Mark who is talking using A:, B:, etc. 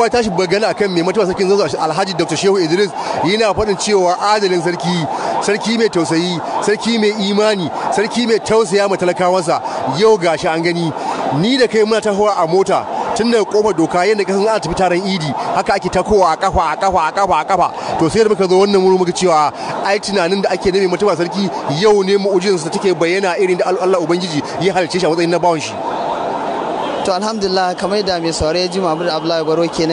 A: kowa tashi bagana akan mai mutuwa sarkin zanzu alhaji dr shehu idris yana faɗin cewa adalin sarki sarki mai tausayi sarki mai imani sarki mai tausaya ma talakawansa yau gashi an gani ni da kai muna tahowa a mota tun daga kofar doka yadda kasan ana tafi taron idi haka ake takowa a kafa a kafa a kafa a kafa to sai da muka zo wannan wuri muka cewa ai tunanin da ake nemi mutuwa sarki yau ne mu'ujinsa take bayyana irin da Allah ubangiji ya halice shi a matsayin na bawon shi
B: to
C: alhamdulillah kamar da mai saurayi ji Muhammad Abdullahi Baro kenan